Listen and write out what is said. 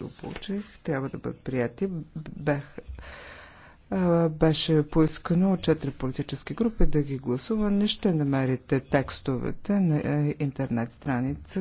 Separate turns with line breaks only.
които получих, трябва да бъдат прияти. Бех, беше поискано от четири политически групи да ги гласува. Не ще намерите текстовете на интернет страницата.